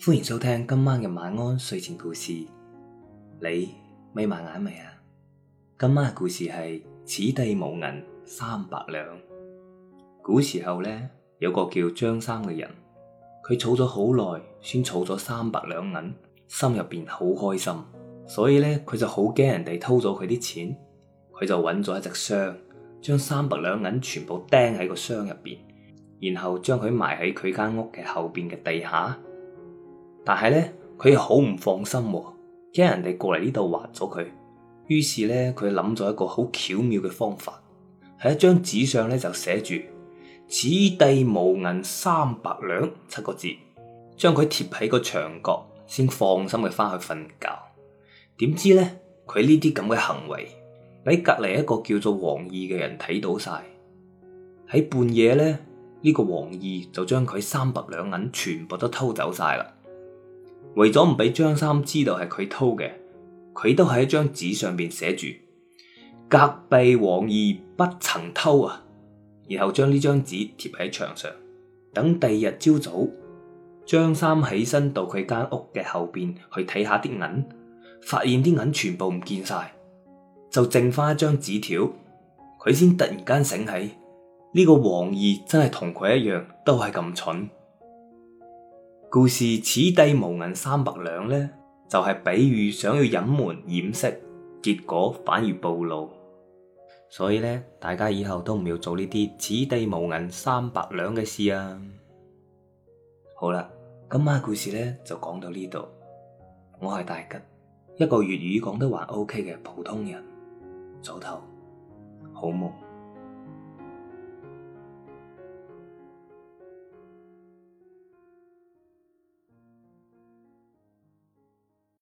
歡迎收聽今晚嘅晚安睡前故事。你眯埋眼未啊？今晚嘅故事係此地無銀三百兩。古時候呢，有個叫張三嘅人，佢儲咗好耐，先儲咗三百兩銀，心入邊好開心，所以呢，佢就好驚人哋偷咗佢啲錢，佢就揾咗一隻箱，將三百兩銀全部釘喺個箱入邊，然後將佢埋喺佢間屋嘅後邊嘅地下。但係咧，佢又好唔放心，驚人哋過嚟呢度挖咗佢。於是咧，佢諗咗一個好巧妙嘅方法，喺一張紙上咧就寫住“此地無銀三百兩”七個字，將佢貼喺個牆角，先放心嘅翻去瞓覺。點知咧，佢呢啲咁嘅行為，俾隔籬一個叫做王二嘅人睇到晒。喺半夜咧，呢個王二就將佢三百兩銀全部都偷走晒啦。為咗唔俾張三知道係佢偷嘅，佢都喺一張紙上邊寫住隔壁王二不曾偷啊，然後將呢張紙貼喺牆上。等第二日朝早，張三起身到佢間屋嘅後邊去睇下啲銀，發現啲銀全部唔見晒，就剩翻一張紙條，佢先突然間醒起，呢個王二真係同佢一樣都係咁蠢。故事此地無銀三百兩呢，就係比喻想要隱瞞掩飾，結果反而暴露。所以呢，大家以後都唔要做呢啲此地無銀三百兩嘅事啊！好啦，今晚嘅故事呢，就講到呢度。我係大吉，一個粵語講得還 OK 嘅普通人。早唞，好夢。